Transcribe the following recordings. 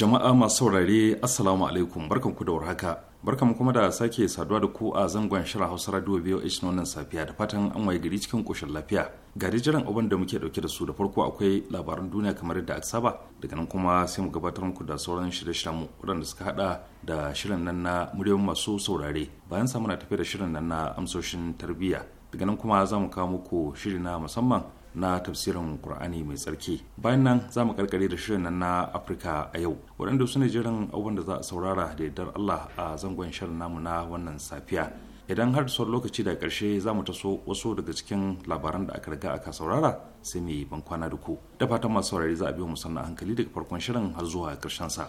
Jama'a masu saurare Assalamu alaikum ku da warhaka. Barkanmu kuma da sake saduwa da ku a zangon shirin Hausa Radio VOH nonon safiya da fatan an waye gari cikin koshin lafiya. Ga jiran abin da muke dauke da su da farko akwai labaran duniya kamar yadda aka saba daga nan kuma sai mu gabatar muku da sauran shirye-shiryen mu waɗanda suka hada da shirin nan na muryoyin masu saurare bayan sa muna tafi da shirin nan na amsoshin tarbiyya daga nan kuma za mu kawo muku shiri na musamman na tafsirin Kur'ani mai tsarki. Bayan nan za mu karkare da shirin nan na Afirka a yau. Waɗanda su ne jiran abubuwan da za a saurara da yardar Allah a zangon shirin namu na wannan safiya. Idan har da lokaci da ƙarshe za mu taso wasu daga cikin labaran da aka riga aka saurara sai mu yi ban kwana da ku. Da fatan masu saurari za a biyo mu sannan hankali daga farkon shirin har zuwa ƙarshen sa.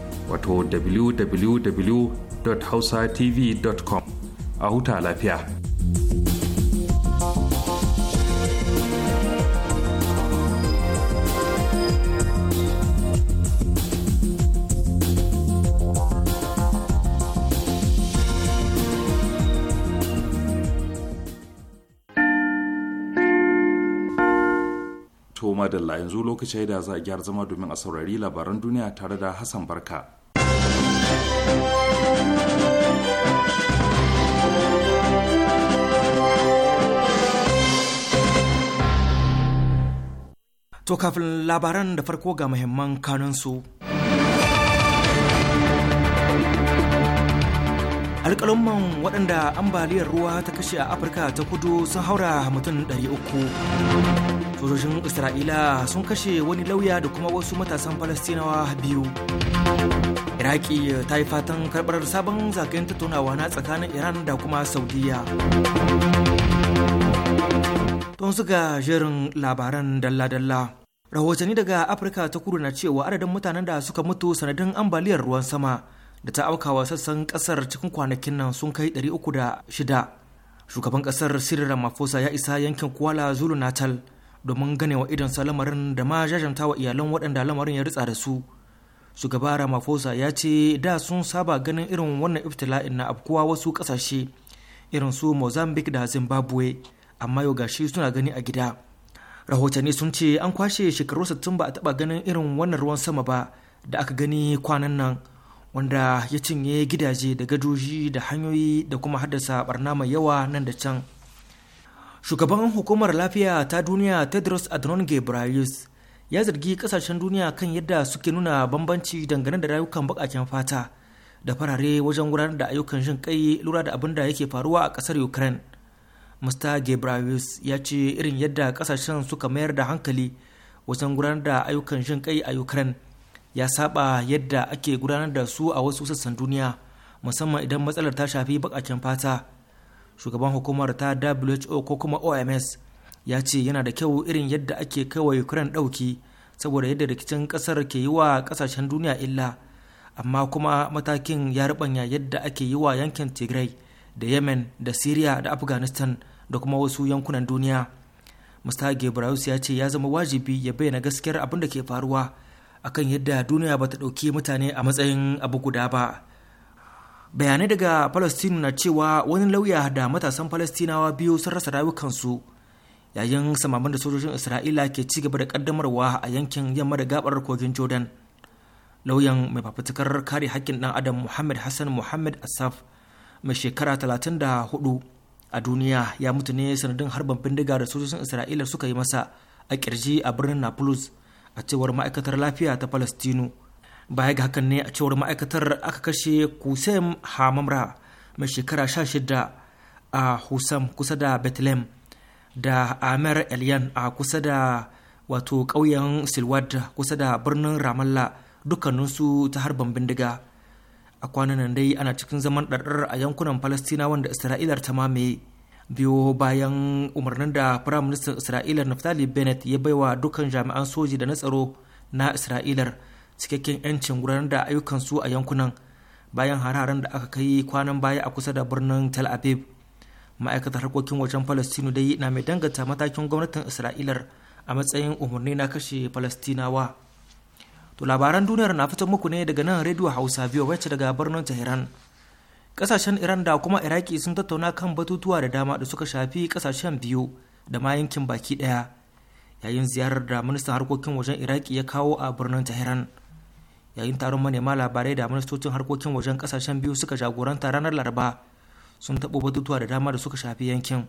wato www.hausatv.com a huta lafiya. Toma da yanzu lokacin da za a gyara zama domin a saurari labaran duniya tare da Hassan Barka. To kafin labaran da farko ga muhimman kanunsu. Alƙalumman waɗanda ambaliyar ruwa ta kashe a Afirka ta kudu sun haura mutum uku. sojojin isra'ila sun kashe wani lauya da kuma wasu matasan falastinawa biyu iraki ta yi fatan karɓar sabon zagayen tattaunawa na tsakanin iran da kuma saudiya don su ga jerin labaran dalla-dalla rahotanni daga afirka ta kudu na cewa adadin mutanen da suka mutu sanadin ambaliyar ruwan sama da ta aukawa sassan kasar cikin kwanakin nan sun kai shida. shugaban kasar sirri ramaphosa ya isa yankin kuala zulu natal domin ganewa sa lamarin da ma wa iyalan waɗanda lamarin ya ritsa da su shugaba ramaphosa ya ce da sun saba ganin irin wannan iftila'in na afkuwa wasu ƙasashe irin su mozambique da zimbabwe amma yau gashi suna gani a gida rahotanni sun ce an kwashe shekaru 60 ba a taɓa ganin irin wannan ruwan sama ba da aka gani kwanan nan wanda ya cinye gidaje da gadoji da hanyoyi da kuma haddasa barna mai yawa nan da can shugaban hukumar lafiya ta duniya tedros adhanom ghebreyesus ya zargi kasashen duniya kan yadda suke nuna bambanci dangane da rayukan bakaken fata da farare wajen gudanar da ayyukan jin kai lura da abin da yake faruwa a kasar ukraine mr ghebreyesus ya ce irin yadda kasashen suka mayar da hankali wajen gudanar da ayyukan jin kai a ukraine ya saba yadda ake gudanar da su a wasu sassan duniya musamman idan matsalar ta shafi bakaken fata shugaban hukumar ta who ko kuma oms ya ce yana da kyau irin yadda ake kaiwa ukraine ɗauki saboda yadda rikicin ƙasar ke yi wa ƙasashen duniya illa amma kuma matakin ya rubanya yadda ake yi wa yankin tigray da yemen da syria da afghanistan da kuma wasu yankunan duniya mr gebrayus ya ce ya zama wajibi ya bayyana gaskiyar abin da ke faruwa akan yadda duniya ba ta ɗauki mutane a matsayin abu guda ba bayanai daga palestine na cewa wani lauya da matasan palestinawa biyu sun rasa rayukansu yayin samamin da sojojin isra'ila ke ci gaba da kaddamarwa a yankin yamma da gabar kogin jordan lauyan mai fafutukar kare hakkin dan adam muhammad hassan muhammad asaf mai shekara 34 a duniya ya mutu ne sanadin harban bindiga da sojojin isra'ila suka yi masa a kirji a birnin naples a cewar ma'aikatar lafiya ta palestinu baya ga hakan ne a cewar ma'aikatar aka kashe kusem hamamra mai shekara sha shida a husam kusa da bethlehem da amir eliyan a kusa da wato ƙauyen silwad kusa da birnin ramallah dukkaninsu ta harban bindiga a kwanan dai ana cikin zaman ɗarɗar a yankunan palestina wanda isra'ilar ta mame biyo bayan umarnin da firaministan isra'ilar naftali bennett ya baiwa dukkan jami'an soji da na tsaro na isra'ilar cikakken 'yancin gudanar da ayyukan su a yankunan bayan hararen da aka kai kwanan baya a kusa da birnin tel aviv ma'aikatar harkokin wajen palestino dai na mai dangata matakin gwamnatin isra'ilar a matsayin umarni na kashe palestinawa to labaran duniyar na fitar muku ne daga nan rediyo hausa biyu wacce daga birnin tehran kasashen iran da kuma iraki sun tattauna kan batutuwa da dama da suka shafi kasashen biyu da ma yankin baki daya yayin ziyarar da ministan harkokin wajen iraki ya kawo a birnin tehran yayin taron manema labarai da ministocin harkokin wajen kasashen biyu suka jagoranta ranar laraba sun taɓo batutuwa da dama da suka shafi yankin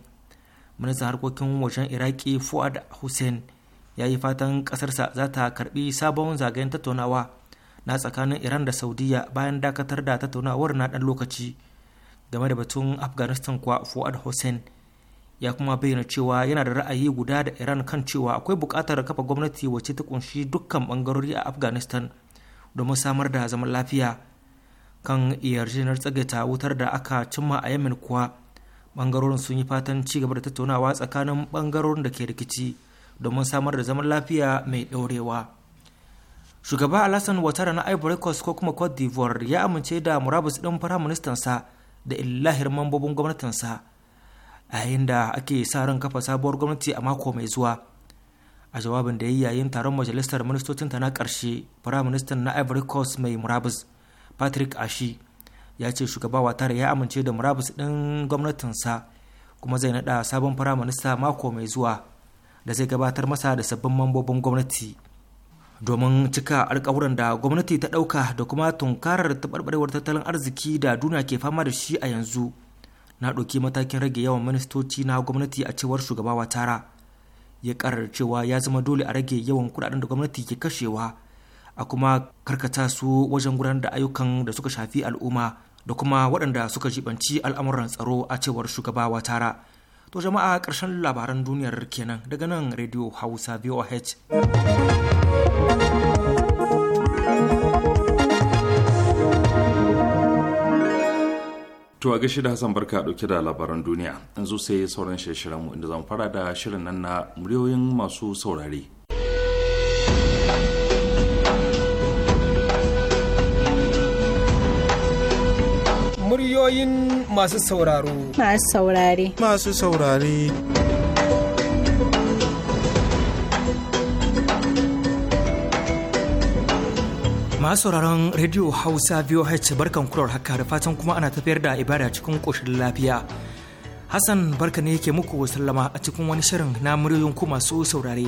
ministan harkokin wajen iraki fuad hussein ya yi fatan ƙasarsa za ta karbi sabon zagayen tattaunawa na tsakanin iran da saudiya bayan dakatar da tattaunawar na dan lokaci game da batun afghanistan kuwa fuad hussein ya kuma bayyana cewa yana da ra'ayi guda da iran kan cewa akwai bukatar kafa gwamnati wacce ta kunshi dukkan bangarori a afghanistan domin samar da zaman lafiya kan yarjejeniyar tsagaita wutar da aka cimma a yamin kuwa bangarorin sun yi fatan ci gaba da tattaunawa tsakanin bangarorin da ke rikici domin samar da zaman lafiya mai ɗorewa shugaba alasan watara na ivory coast ko kuma cote d'ivoire ya amince da murabus ɗin sa da illahir mambobin gwamnatinsa a yayin da ake sa ran kafa sabuwar gwamnati a mako mai zuwa a jawabin da ya yi yayin taron majalisar ministocin ta na ƙarshe firaministan na ivory coast mai murabus patrick ashi ya ce shugaba watara ya amince da murabus ɗin gwamnatinsa kuma zai naɗa sabon firaminista mako mai zuwa da zai gabatar masa da sabbin mambobin gwamnati domin cika alkawuran da gwamnati ta ɗauka da kuma tunkarar taɓarɓarewar tattalin arziki da duniya ke fama da shi a yanzu na ɗauki matakin rage yawan ministoci na gwamnati a cewar shugaba watara ya karar cewa ya zama dole a rage yawan kudaden da gwamnati ke kashewa a kuma karkata su wajen gudanar da ayyukan da suka shafi al'umma da kuma waɗanda suka jibanci al'amuran tsaro a cewar shugaba watara to jama'a karshen labaran duniyar kenan daga nan radio hausa voh To a gashi da Hassan Barka ɗauke da labaran duniya. Yanzu sai sauran shirye-shiryenmu inda zan fara da shirin nan na muryoyin masu saurare. Muryoyin masu sauraro. Masu saurare. Masu saurare. masu sauraron rediyo hausa VOH barkan kurar haka da fatan kuma ana tafiyar da ibada cikin ƙoshin lafiya hassan barka ne yake muku sallama a cikin wani shirin na muryoyin ku masu saurare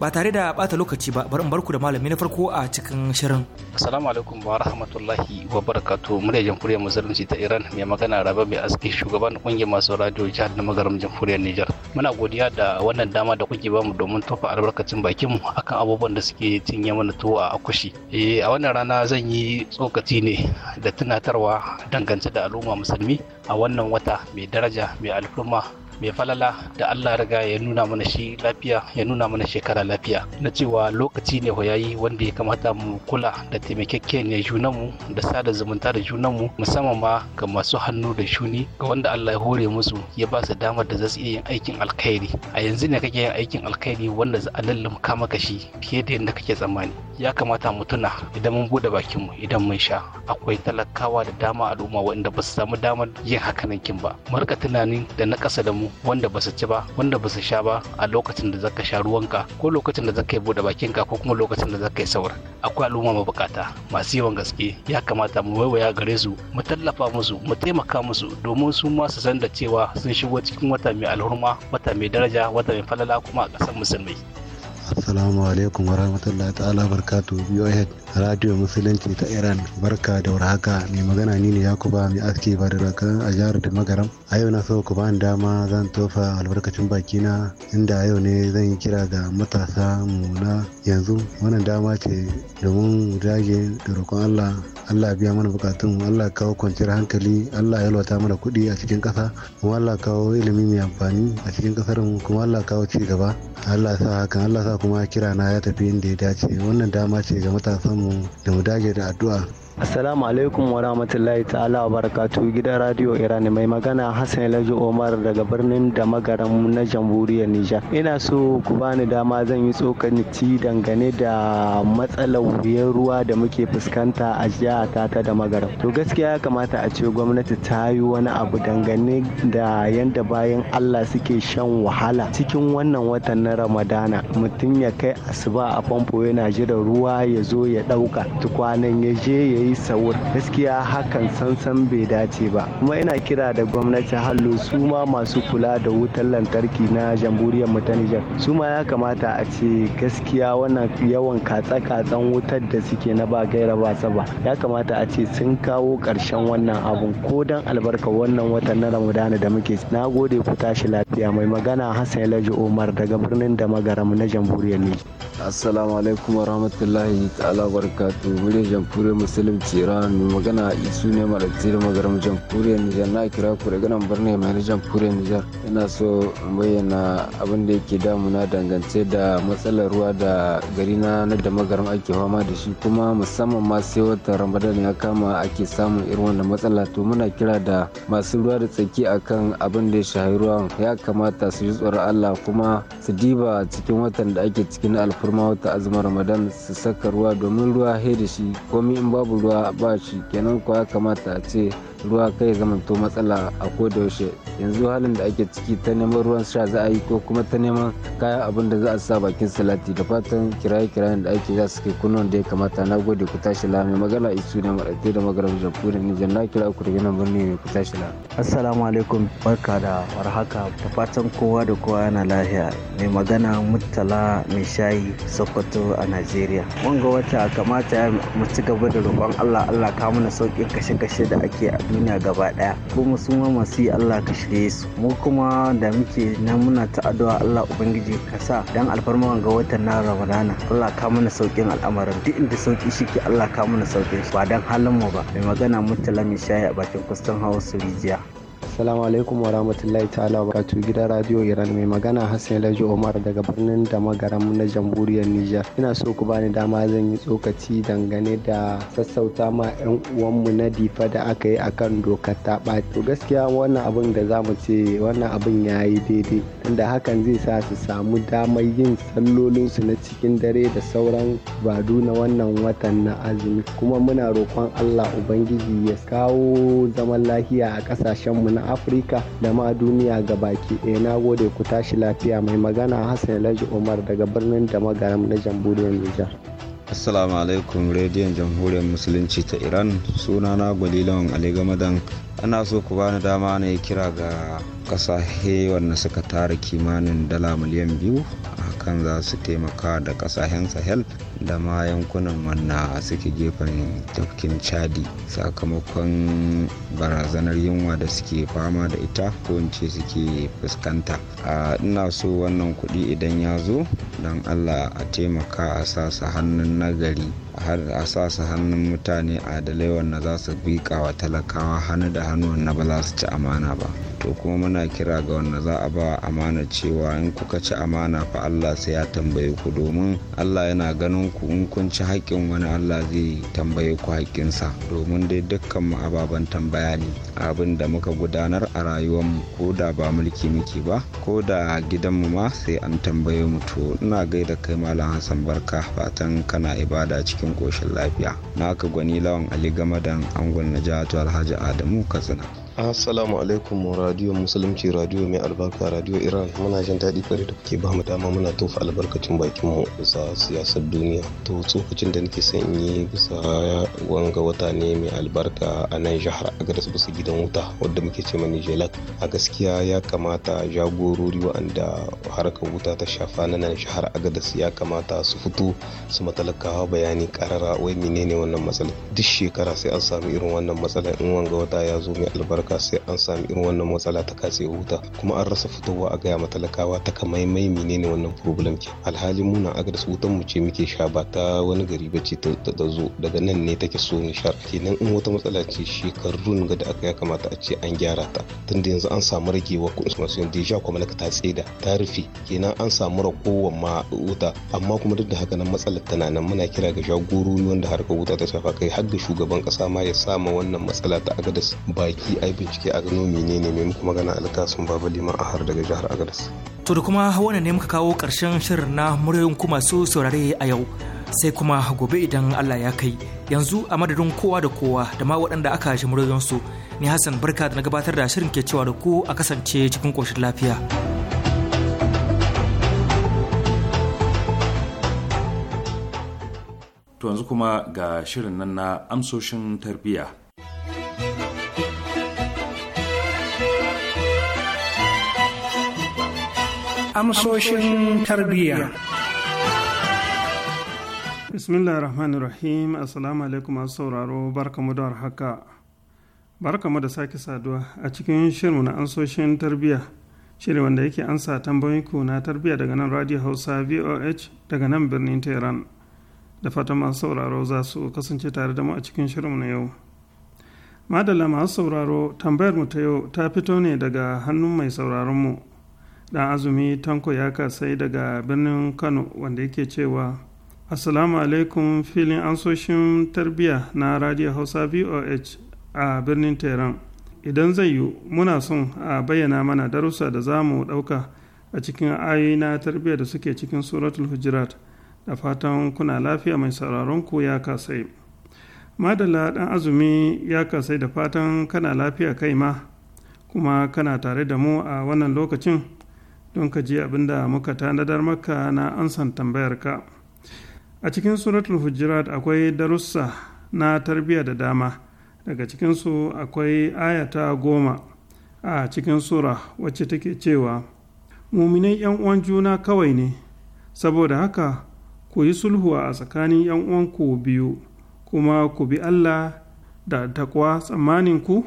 ba tare da bata lokaci ba bari in barku da malami na farko a cikin shirin assalamu alaikum wa rahmatullahi wa barakatuh murya jamhuriyar musulunci ta iran mai magana rabe mai aski shugaban kungiyar masu radio jihar da magaram jamhuriyar niger muna godiya da wannan dama da kuke bamu domin tofa albarkacin bakinmu akan abubuwan da suke cinye mana tuwo a akushi eh, a wannan rana zan yi tsokaci ne da tunatarwa dangance da al'umma musulmi a wannan wata mai daraja mai alfurma mai falala da Allah riga ya nuna mana shi lafiya ya nuna mana shekara lafiya na cewa lokaci ne yayi wanda ya kamata mu kula da ya juna mu da sada zumunta da mu musamman ma ga masu hannu da shuni ga wanda Allah ya hore musu ya ba su damar da za su iya aikin alkhairi a yanzu ne kake yin aikin alkhairi wanda za a kama maka shi fiye da yadda kake tsammani ya kamata mu tuna idan mun bude mu idan mun sha akwai talakawa da dama al'umma wanda ba su samu damar yin hakanan kin ba mu rika tunanin da na ƙasa da mu wanda ba su ci ba wanda ba su sha ba a lokacin da zaka sha ruwanka ko lokacin da zaka yi bude bakinka ko kuma lokacin da zaka yi saur akwai al'umma ma mabukata masu yawan gaske ya kamata mu waiwaya gare su mu tallafa musu mu taimaka musu domin su ma su san da cewa sun shigo cikin wata mai alhurma wata mai daraja wata mai falala kuma a ƙasar musulmi assalamu alaikum wa rahmatullahi ta'ala barkatu biyohead radio musulunci ta iran barka da warhaka mai magana ni ne yakuba mai aski ba da a jihar da magaram a yau na so ku ba dama zan tofa albarkacin bakina inda yau ne zan yi kira ga matasa mu na yanzu wannan dama ce domin dage da roƙon allah allah biya mana bukatun allah kawo kwanciyar hankali allah ya yalwata mana kuɗi a cikin ƙasa kuma allah kawo ilimi mai amfani a cikin ƙasar mu kuma allah kawo ci gaba allah sa hakan allah sa kuma kirana ya tafi inda ya dace wannan dama ce ga matasanmu da mu dage da addu'a Assalamu alaikum wa rahmatullahi ta'ala wa barakatu gidan Radio Iran mai magana Hassan Laji Omar daga birnin da magaran na jamhuriyar Nijar. Ina so ku bani dama zan yi tsokanci dangane da matsalar wuyan ruwa da muke fuskanta a jihata ta da magaran To gaskiya ya kamata a ce gwamnati ta yi wani abu dangane da yadda bayan Allah suke shan wahala cikin wannan watan na Ramadana mutum ya kai asuba a famfo yana jiran ruwa ya zo ya ɗauka tukwanan ya je ya yi sawur gaskiya hakan sansan bai dace ba kuma ina kira da gwamnati hallo su ma masu kula da wutar lantarki na jamhuriyar mu ta Nijar su ma ya kamata a ce gaskiya wannan yawan katsa-katsan wutar da suke na ba gaira ba saba ya kamata a ce sun kawo karshen wannan abun ko dan albarka wannan watan na Ramadana da muke na gode ku tashi lafiya mai magana Hassan Laji Umar daga birnin da magaramu na jamhuriyar Nijar assalamu alaikum warahmatullahi ta'ala barakatuh muryar jamhuriyar musulmi tehran magana isu ne mara tsiri magaram jamhuriyar nijar na kira ku daga nan birnin mai na jamhuriyar nijar yana so bayyana abin da yake damuna dangance da matsalar ruwa da gari na na da magaram ake fama da shi kuma musamman ma sai watan ramadan ya kama ake samun irin wannan matsala to muna kira da masu ruwa da tsaki akan abin da ya shahi ruwan ya kamata su ji tsoron allah kuma su diba cikin watan da ake cikin alfurma wata azumin ramadan su saka ruwa domin ruwa hai da shi komai in babu ruwa cewa ba shi kenan kuwa kamata a ce ruwa kai zamanto matsala a yaushe yanzu halin da ake ciki ta neman ruwan sha za a yi ko kuma ta neman kayan abin da za a sa bakin salati da fatan kiraye-kirayen da ake za su kai kunnon da ya kamata na gode ku tashi la mai magana isu ne maɗaɗe da magarar jamhuriyar nijar na kira ku daga nan birni ne ku tashi la. assalamu alaikum barka da warhaka da fatan kowa da kowa yana lahiya mai magana murtala mai shayi sokoto a najeriya wanga wata kamata mu ci gaba da roƙon allah allah ka mana sauƙin kashe-kashe da ake duniya gaba daya kuma su ma masu Allah ka shirye su mu kuma da muke nan muna ta addu'a Allah ubangiji ka sa dan alfarma ga watan na Ramadana Allah ka mana saukin al'amarin duk inda sauki shike Allah ka mana saukin ba dan halin mu ba mai magana mutala mai shayi a bakin kustan hawa su rijiya Assalamu alaikum wa rahmatullahi ta'ala wa barakatu gidan radio Iran mai magana Hassan Laji Omar daga birnin da magaram na jamhuriyar niger Ina so ku bani dama zan yi tsokaci dangane da sassauta ma 'yan uwanmu na difa da aka yi akan dokar ta ɓaci. To gaskiya wannan abin da za mu ce wannan abin ya yi daidai. Tunda hakan zai sa su samu damar yin sallolinsu na cikin dare da sauran badu na wannan watan na azumi. Kuma muna roƙon Allah Ubangiji ya kawo zaman lafiya a ƙasashenmu mu na afirka da ma duniya ga baki ɗaya na gode ku tashi lafiya mai magana hassan alhaji umar daga birnin da magaram na jamhuriyar nijar Assalamu alaikum rediyon jamhuriyar musulunci ta Iran sunana Gwalilawan Ali Gamadan ana so ku bani dama na kira ga kasashe wanda suka tara kimanin dala miliyan biyu a kan za su taimaka da kasashen sahel da ma yankunan wanda suke gefen tafkin chadi sakamakon barazanar yunwa da suke fama da ita ko ce suke fuskanta a ina so wannan kuɗi idan ya zo don allah a taimaka a sa su hannun nagari har a sa su hannun mutane adalai na za su bika wa talakawa hannu da hannu wanda ba za su ci amana ba to kuma muna muna kira ga wanda za a ba amana cewa in kuka ci amana fa Allah sai ya tambaye ku domin Allah yana ganin ku in kun ci haƙƙin wani Allah zai tambaye ku haƙƙinsa domin dai dukkan mu ababen tambaya ne abin da muka gudanar a rayuwar mu ko da ba mulki muke ba ko da gidan mu ma sai an tambaye mu to ina gaida kai malam Hassan barka fatan kana ibada cikin koshin lafiya naka gwani lawan Ali Gamadan angon na jihar Alhaji Adamu Katsina Assalamu alaikum radio musulunci radio mai albarka radio Iran muna jin daɗi kwarai da kuke bamu dama muna tofa albarkacin bakin mu bisa siyasar duniya to tsokacin da nake son yi bisa wanga wata ne mai albarka a nan jihar Agadas bisa gidan wuta wadda muke ce mani Jelak a gaskiya ya kamata jagorori waɗanda harkar wuta ta shafa na nan jihar Agadas ya kamata su fito su matalakawa bayani karara wai menene wannan matsalar duk shekara sai an samu irin wannan matsalar in wanga wata ya zo mai albarka talaka sai an sami irin wannan matsala ta katse wuta kuma an rasa fitowa a gaya ma talakawa ta mai menene wannan problem ke alhali mu na su wutan mu ce muke sha ba ta wani gari ba ce ta zo daga nan ne take so ni shar kenan in wata matsala ce shekarun ga da aka ya kamata a ce an gyara ta tunda yanzu an samu ragewa ko masu yanzu ya kuma ta tseda ta rufe kenan an samu ragowar ma wuta amma kuma duk da haka nan matsalar tana nan muna kira ga shagorori wanda harkar wuta ta shafa kai har da shugaban kasa ma ya sama wannan matsala ta agadas baki a yi bincike a gano menene mai muku magana alkasun baba liman har daga jihar agadas to da kuma wannan ne muka kawo karshen shirin na muryoyin kuma masu saurare a yau sai kuma gobe idan allah ya kai yanzu a madadin kowa da kowa da ma waɗanda aka shi su ni hassan barka da na gabatar da shirin ke cewa da ku a kasance cikin ƙoshin lafiya to yanzu kuma ga shirin nan na amsoshin tarbiyya amsoshin tarbiyya. bismillah rahman rahim assalamu alaikum masu sauraro barkamu da warhaka barkamu da sake saduwa a cikin shirin na amsoshin tarbiyya shirin wanda yake ansa ku na tarbiyya daga nan radio hausa voh daga nan birnin tehran da fatan masu sauraro za su kasance tare da mu a cikin shirinmu na yau madalla masu sauraro tambayar mu ta yau ta fito ne daga hannun mai sauraron mu dan azumi tanko ya kasai daga birnin kano wanda yake cewa assalamu alaikum filin ansoshin tarbiyya na radio hausa voh a birnin tehran idan zai yiwu muna son a bayyana mana darussa da za mu ɗauka a cikin ayoyi na tarbiyya da suke cikin suratul hujirat da fatan kuna lafiya mai sauraron ku ya kasai madalla dan azumi ya kasai da fatan kana lafiya kai ma kuma kana tare da mu a wannan lokacin don ka je abin da muka tanadar maka na ansan tambayarka a cikin suratul hujurat akwai darussa na tarbiyya da dama daga cikinsu akwai ayata goma a cikin sura wacce take cewa muminai yan uwan juna kawai ne saboda haka ku yi sulhu a tsakanin yan uwanku biyu kuma ku bi allah da takwa tsammanin ku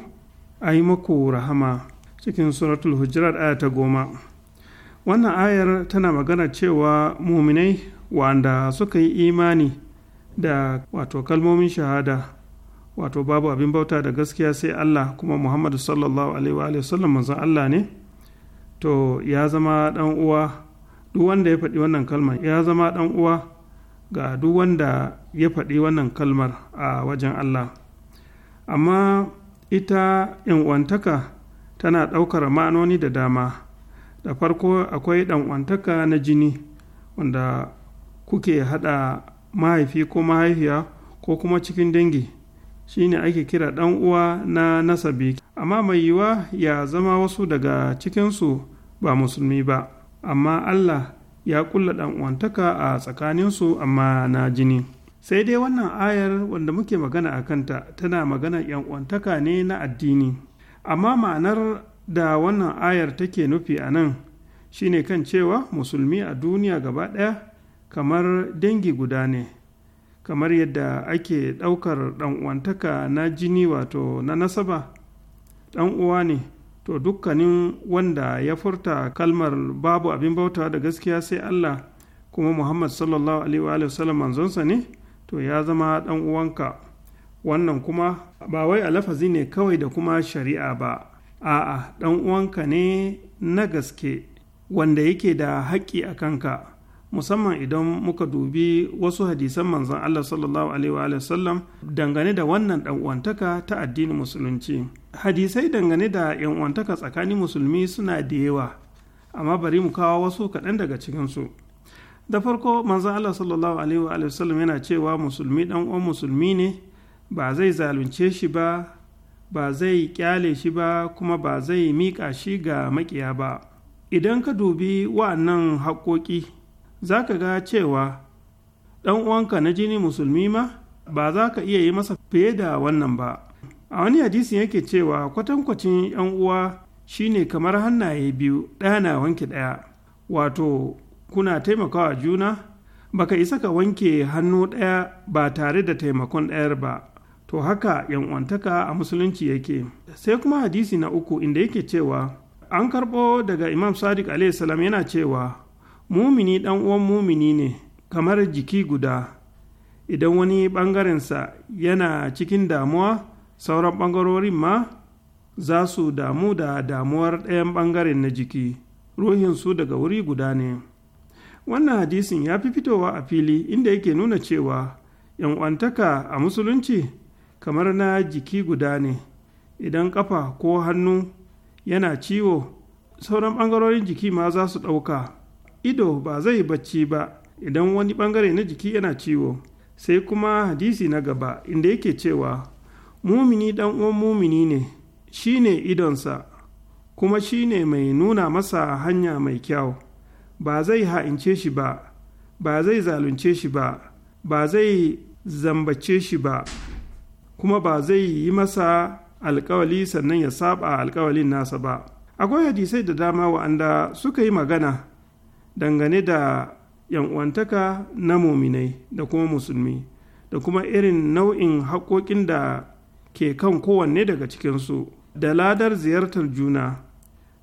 a yi maku rahama cikin suratul hujirar ayata goma wannan ayar tana magana cewa muminai wanda suka yi imani da wato kalmomin shahada wato babu abin bauta da gaskiya sai Allah kuma Muhammadu sallallahu alaihi wa manzon Allah ne to ya zama dan uwa duk wanda ya faɗi wannan kalmar ya zama dan uwa ga duk wanda ya faɗi wannan kalmar a wajen Allah amma ita 'yan uwantaka tana ɗaukar ma'anoni da dama da farko akwai ɗan'uwantaka na jini wanda kuke haɗa mahaifi ko mahaifiya ko kuma cikin dangi shine ake kira ɗan uwa na nasabi amma mai yiwa ya zama wasu daga cikinsu ba musulmi ba amma allah ya kulla ɗan'uwantaka a tsakaninsu amma na jini sai dai wannan ayar wanda muke magana a kanta tana magana ‘yan'uwantaka ne na addini amma ma'anar da wannan ayar take nufi a nan ne kan cewa musulmi a duniya gaba ɗaya kamar dangi guda ne kamar yadda ake ɗaukar ɗan'uwantaka na jini wato na nasaba ɗan uwa ne to dukkanin wanda ya furta kalmar babu abin bautawa da gaskiya sai Allah kuma Muhammad sallallahu alaihi wa sallam manzonsa ne to ya zama ɗan uwanka wannan kuma ba wai a lafazi ne kawai da kuma shari'a ba a'a ɗan uwanka ne na gaske wanda yake da haƙƙi a kanka musamman idan muka dubi wasu hadisan manzon Allah sallallahu alaihi sallam dangane da wannan ɗan'uwantaka ta addinin musulunci hadisai dangane da uwantaka tsakanin musulmi suna da yawa amma bari mu kawo wasu kaɗan daga cikinsu da farko manzon Allah sallallahu alaihi sallam yana cewa musulmi ɗan uwan musulmi ne ba zai zalunce shi ba ba zai kyale shi ba kuma ba zai miƙa shi ga maƙiya ba idan ka dubi wa'annan haƙoƙi za ka ga cewa ɗan uwanka na jini musulmi ma ba za ka iya yi masa fiye da wannan ba a wani hadisin yake cewa kwatankwacin yan uwa shine kamar hannaye biyu ɗaya na wanke ɗaya wato kuna taimakawa juna baka isa ka wanke hannu ɗaya ba tare da taimakon ɗayar ba to haka yan'uwantaka a musulunci yake sai kuma hadisi na uku inda yake cewa an karɓo daga imam sadiq salam yana cewa mumini ɗan uwan mumini ne kamar jiki guda idan wani ɓangarensa yana cikin damuwa sauran ɓangarorin ma za su damu da damuwar ɗayan ɓangaren na jiki ruhinsu daga wuri guda ne wannan hadisin ya fi fitowa a fili inda yake nuna cewa yan'uwantaka a musulunci kamar na jiki guda ne idan ƙafa ko hannu yana ciwo sauran ɓangarorin jiki ma za su ɗauka ido ba zai bacci ba idan wani ɓangare na jiki yana ciwo sai kuma hadisi na gaba inda yake cewa mumini ɗan uwan mumini ne shi ne idonsa kuma shi ne mai nuna masa hanya mai kyau ba zai ha'ince shi ba ba zai zalunce shi ba ba zai zambace shi ba kuma ba zai yi masa alkawali sannan ya saba alkawalin nasa ba akwai hadisai da dama wa'anda suka yi magana dangane da yan'uwantaka na muminai da kuma musulmi da kuma irin nau'in haƙoƙin da ke kan kowanne daga cikinsu da ladar ziyartar juna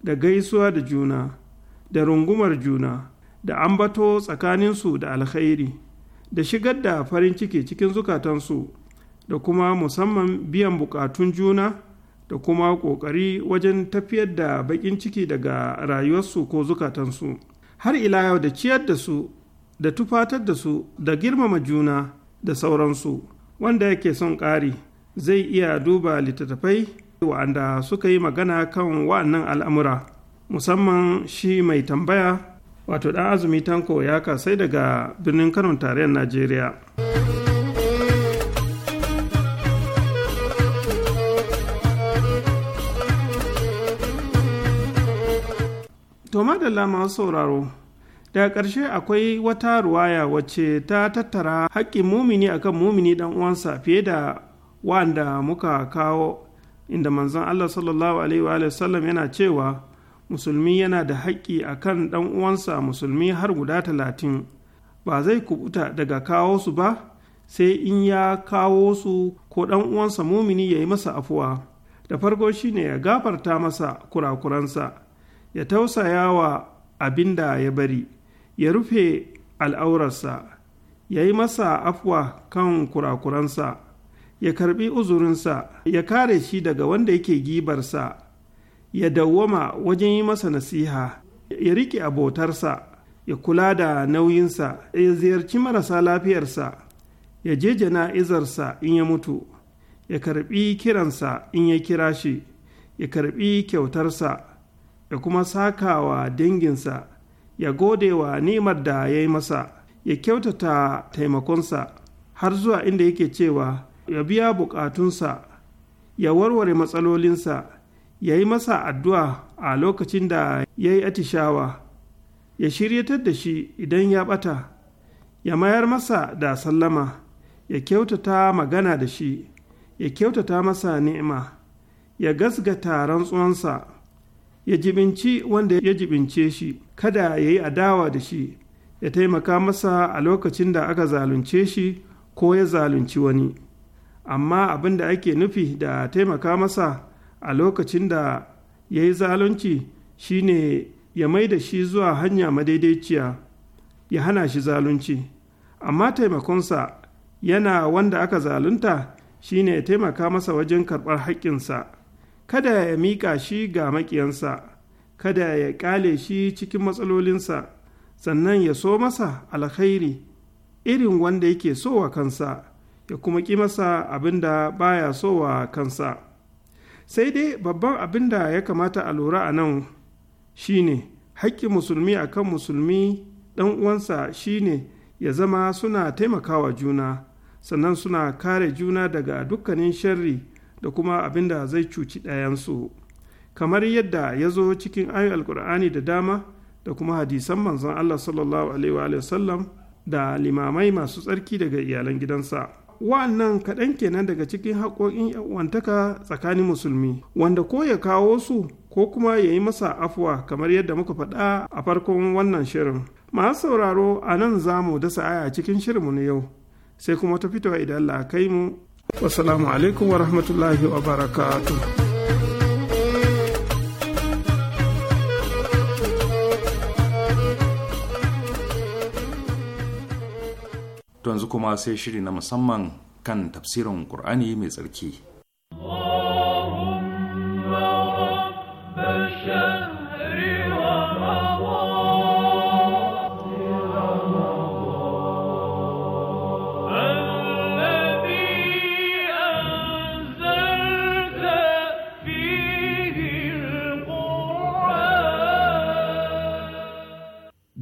da gaisuwa da juna da rungumar juna da ambato tsakaninsu da alkhairi da shigar da farin ciki cikin zukatansu da kuma musamman biyan bukatun juna da kuma kokari wajen tafiyar da bakin ciki daga rayuwarsu ko zukatansu har ila yau da ciyar da su da tufatar da su da girmama juna da sauransu wanda yake son ƙari zai iya duba littattafai wa'anda suka yi magana kan wa'annan al'amura musamman shi mai tambaya wato ɗan azumi tanko ya kasai daga birnin kanon tarayyar najeriya to madalla masu sauraro daga ƙarshe akwai wata ruwaya wacce ta tattara haƙƙin mumini akan mumini ɗan uwansa fiye da wanda muka kawo inda manzon Allah sallallahu alaihi wa sallam yana cewa musulmi yana da haƙƙi akan ɗan uwansa musulmi har guda talatin ba zai kubuta daga kawo su ba sai in ya kawo su ko ɗan uwansa mumini ya yi masa afuwa da farko shine ya gafarta masa kurakuransa ya tausaya wa abin da ya bari ya rufe al'aurarsa ya yi masa afwa kan kurakuransa ya karbi uzurinsa ya kare shi daga wanda yake gibarsa ya dawwama wajen yi masa nasiha ya riƙe abotarsa ya kula da nauyinsa ya ziyarci marasa lafiyarsa ya je jana'izarsa in ya mutu ya karbi kiransa in ya kira shi ya karbi kyautarsa da kuma sakawa danginsa ya gode wa nimar da ya yi masa ya kyautata taimakonsa har zuwa inda yake cewa ya biya bukatunsa ya warware matsalolinsa ya yi masa addu'a a lokacin da ya yi atishawa ya shiryatar da shi idan ya bata ya mayar masa da sallama ya kyautata magana da shi ya kyautata masa ni'ima ya gasgata rantsuwansa ya jibinci wanda ya jibince shi kada ya yi adawa da shi ya taimaka masa a lokacin da aka zalunce shi ko ya zalunci wani amma abin da ake nufi da taimaka masa a lokacin da ya yi zalunci shine ya mai da shi zuwa hanya madaidaiciya ya hana shi zalunci amma taimakonsa yana wanda aka zalunta shine ya taimaka masa wajen karɓar haƙƙinsa kada ya miƙa shi ga maƙiyansa kada ya ƙale shi cikin matsalolinsa sannan ya so masa alkhairi irin wanda yake so wa kansa ya kuma ƙi masa abin da baya so wa kansa sai dai babban abin da ya kamata a lura a nan shi ne haƙƙin musulmi a kan musulmi ɗan uwansa ne ya zama suna taimakawa juna sannan suna kare juna daga dukkanin sharri da kuma abin da zai cuci ɗayansu kamar yadda ya zo cikin ayoyin alkur'ani da dama da kuma hadisan manzon Allah sallallahu alaihi wa da limamai masu tsarki daga iyalan gidansa wa'annan kaɗan kenan daga cikin haƙoƙin wantaka tsakanin musulmi wanda ko ya kawo su ko kuma ya yi masa afuwa kamar yadda muka faɗa a farkon wannan shirin masu sauraro a nan za mu dasa aya cikin shirinmu na yau sai kuma ta fitowa idan la kai mu wasalamu alaikum wa rahmatullahi wa barakatu. yanzu kuma sai shiri na musamman kan tafsirin ƙur'ani mai tsarki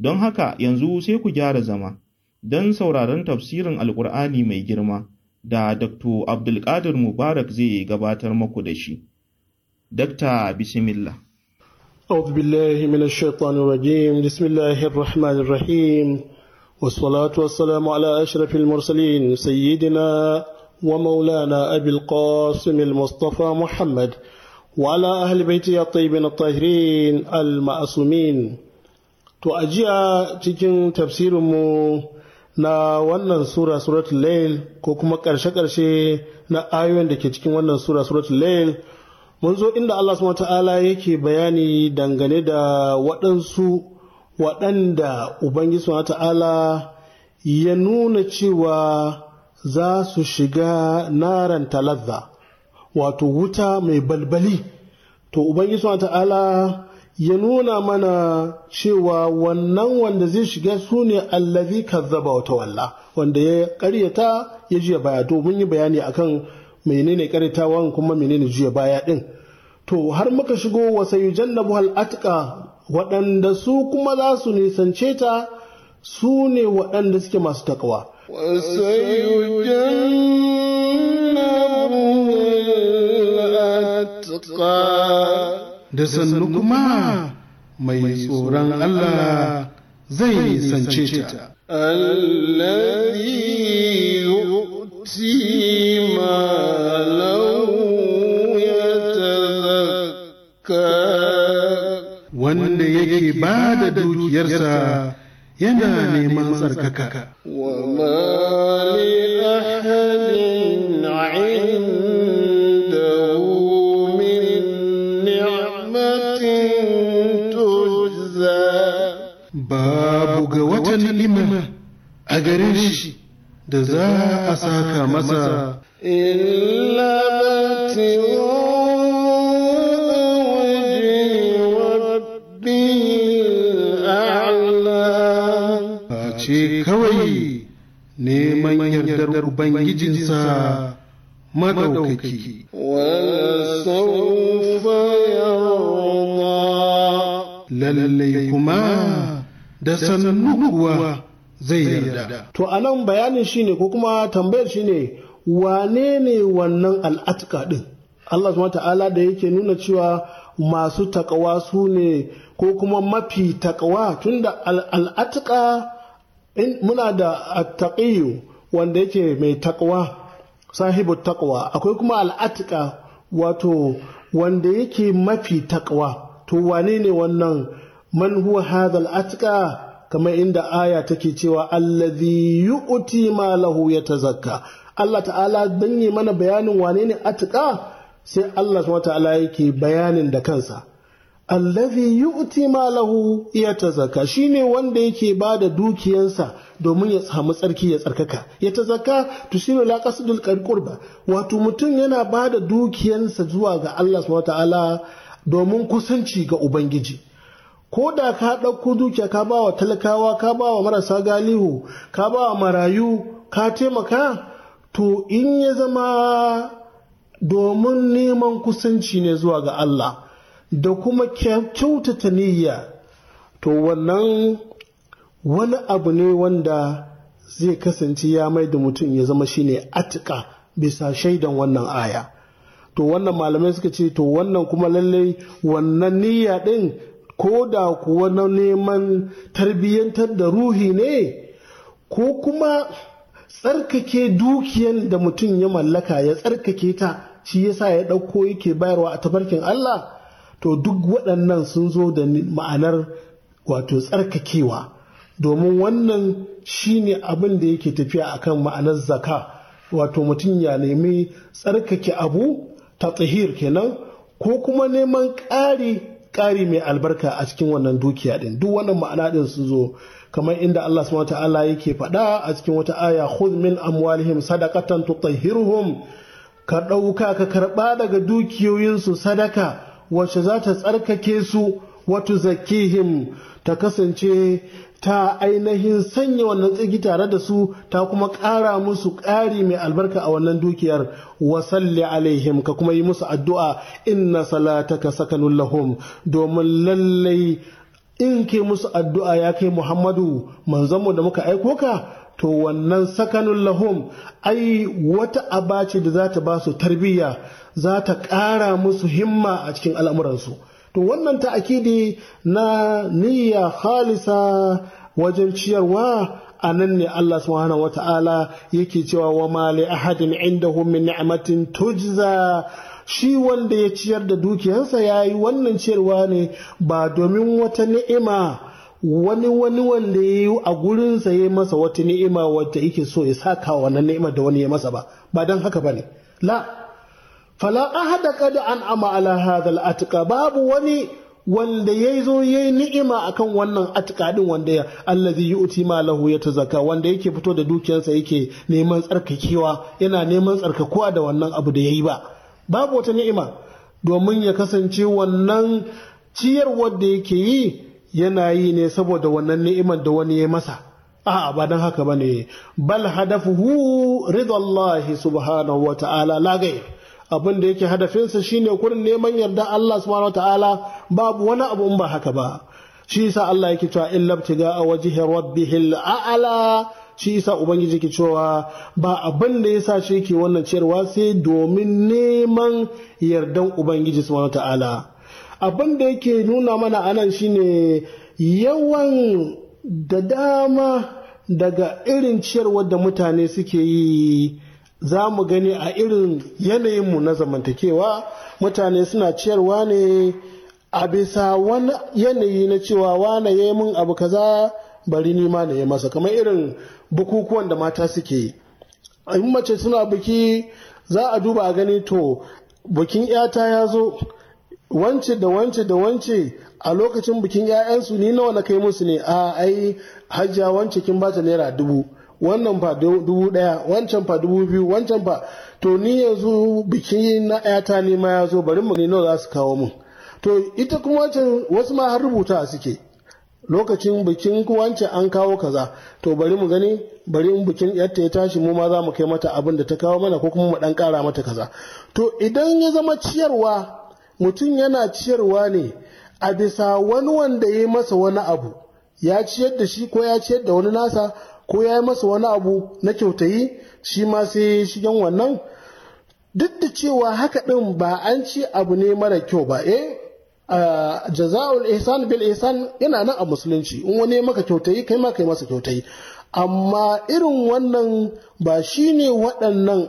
don haka yanzu sai ku gyara zama don sauraron tafsirin alkur'ani mai girma da dr abdulkadir mubarak zai gabatar maku da shi dakta bismillah أعوذ بالله من الشيطان الرجيم بسم الله الرحمن الرحيم والصلاة والسلام على أشرف المرسلين سيدنا ومولانا أبي القاسم المصطفى محمد وعلى أهل بيته الطيبين الطاهرين المأسومين To a jiya cikin tafsirinmu na wannan sura suratul layl ko kuma ƙarshe-ƙarshe na ayoyin da ke cikin wannan sura suratul layl mun zo inda Allah subhanahu ta'ala yake bayani dangane da waɗansu waɗanda Ubangiji subhanahu ta'ala ya nuna cewa za su shiga naran talazza wato wuta mai balbali to Ubangiji subhanahu ta'ala ya nuna mana cewa wannan wanda zai shiga su ne allazi kazzaba wata walla wanda ya karyata ya jiya baya to mun yi bayani akan menene karyatawan kuma menene jiya baya din to har muka shigo wa sayujannabu hal atqa waɗanda su kuma za su nisance ta su ne waɗanda suke masu takawa وسيجنبها الأتقى da sannu kuma mai tsoron Allah zai nisance ta. Allazi Wanda yake ba da dukiyarsa yana neman tsarkaka. Wa babu ga wata a gare shi da za a saka masa illa ce kawai neman yardar ubangijinsa madaukaki lallai kuma da sannu kuwa zai yarda. To a nan bayanin shi ne ko kuma tambayar ne wane ne wannan al'atka ɗin? Allah su ta'ala da yake nuna cewa masu takawa su ne ko kuma mafi takawa tunda al'atka muna da attaqiyu wanda yake mai takawa sahibu takawa akwai kuma al'atka wato wanda yake mafi takawa to wane ne wannan man huwa hadha al kamar inda aya take cewa allazi yu'ti malahu yatazakka Allah ta'ala dan yi mana bayanin wane ne atqa sai Allah subhanahu ta'ala yake bayanin da kansa allazi yu'ti malahu yatazakka shine wanda yake ba da dukiyansa domin ya samu tsarki ya tsarkaka yatazakka tusilu la qasdul qurba wato mutum yana ba da dukiyansa zuwa ga Allah subhanahu ta'ala domin kusanci ga ubangiji ko da ka ɗauko dukiya ka ba wa talakawa ka ba wa marasa galihu ka ba wa marayu ka taimaka to in ya zama domin neman kusanci ne zuwa ga Allah da kuma kyautata niyya to wannan wani abu ne wanda zai kasance ya mai da mutum ya zama shine atika bisa shaidan wannan aya to wannan malamai suka ce to wannan kuma lallai wannan niyya din ko da kuwa na neman tarbiyyantar da ruhi ne ko kuma tsarkake dukiyan da mutum ya mallaka ya tsarkake ta shi yasa ya ɗauko yake bayarwa a tabarkin Allah to duk waɗannan sun zo da ma'anar wato tsarkakewa domin wannan shi ne abin da yake tafiya a kan ma'anar zaka wato mutum ya nemi tsarkake abu ta tsahir kenan ko kuma neman ƙari ƙari mai albarka a cikin wannan dukiya din duk wannan ma'ana din su zo kamar inda Allah subhanahu ta'ala yake faɗa a cikin wata aya khudh min amwalihim sadaqatan tutahhiruhum ka ɗauka ka karɓa daga dukiyoyinsu sadaka wacce za ta tsarkake su wato zakihim ta kasance ta ainihin sanya wannan tsigi tare da su ta kuma ƙara musu ƙari mai albarka a wannan dukiyar wasalli alaihim ka kuma yi musu addu'a inna salataka sakanun lahum domin lallai in ke musu addu'a ya kai muhammadu manzanmu da muka aiko ka to wannan sakanun lahum ai wata aba da za ta ba su tarbiyya za ta ƙara musu himma a cikin al'amuransu. to wannan ta'akidi na niyya khalisa wajen ciyarwa a nan ne Allah subhanahu wata'ala yake cewa wa mali ahadin indahu min ni'matin tujza shi wanda ya ciyar da dukiyarsa yi wannan ciyarwa ne ba domin wata ni'ima wani wani wanda ya yi a gurinsa ya masa wata ni'ima wadda yake so ya saka wannan ni'imar da wani ya masa ba ba don haka ba ne la fala ahada qad an'ama ala hadha al babu wani wanda ya zo ya yi ni'ima akan wannan din wanda ya allazi yu'ti malahu ya zaka wanda yake fito da dukiyarsa yake neman tsarkakewa yana neman tsarkakuwa da wannan abu da yayi ba babu wata ni'ima domin ya kasance wannan ciyarwar da yake yi yana yi ne saboda wannan ni'imar da wani ya masa a'a ba don haka bane bal hadafuhu ridallahi subhanahu wa ta'ala la abin da yake hadafinsa shine kurin neman yarda Allah subhanahu ta'ala babu wani abu in ba haka ba shi yasa Allah yake cewa illa tiga a wajhi rabbihil a'la shi yasa ubangiji ke cewa ba abin da yasa shi yake wannan ciyarwa sai domin neman yardan ubangiji subhanahu ta'ala abin da yake nuna mana anan shine yawan da dama daga irin ciyarwar da mutane suke yi za mu gani a irin yanayinmu na zamantakewa mutane suna ciyarwa ne a bisa wani yanayi na cewa wane ya mun abu kaza bari ni ma na yi masa kamar irin bukukuwan da mata suke yi in mace suna biki za a duba a gani to bukin 'yata ya zo wance da wance da wance a lokacin bikin 'ya'yansu ni nawa na kai musu ne a ai hajja wance kin bata naira dubu wannan fa dubu daya wancan fa dubu biyu wancan fa to ni yanzu biki na yata ne ma ya zo bari mu ne nawa za su kawo mun to ita kuma wancan wasu ma har rubuta suke lokacin bikin wancan an kawo kaza to bari mu gani bari in bikin yadda ya tashi mu ma za mu kai mata abin da ta kawo mana ko kuma mu dan kara mata kaza to idan ya zama ciyarwa mutum yana ciyarwa ne a bisa wani wanda ya yi masa wani abu ya ciyar da shi ko ya ciyar da wani nasa ko ya yi masa wani abu na kyautayi shi ma sai shigen wannan duk da cewa haka ɗin ba an ci abu ne mara kyau ba eh jaza'ul ihsan bil ihsan yana nan a musulunci in wani maka kyautayi kai ma kai masa kyautayi amma irin wannan ba shi ne waɗannan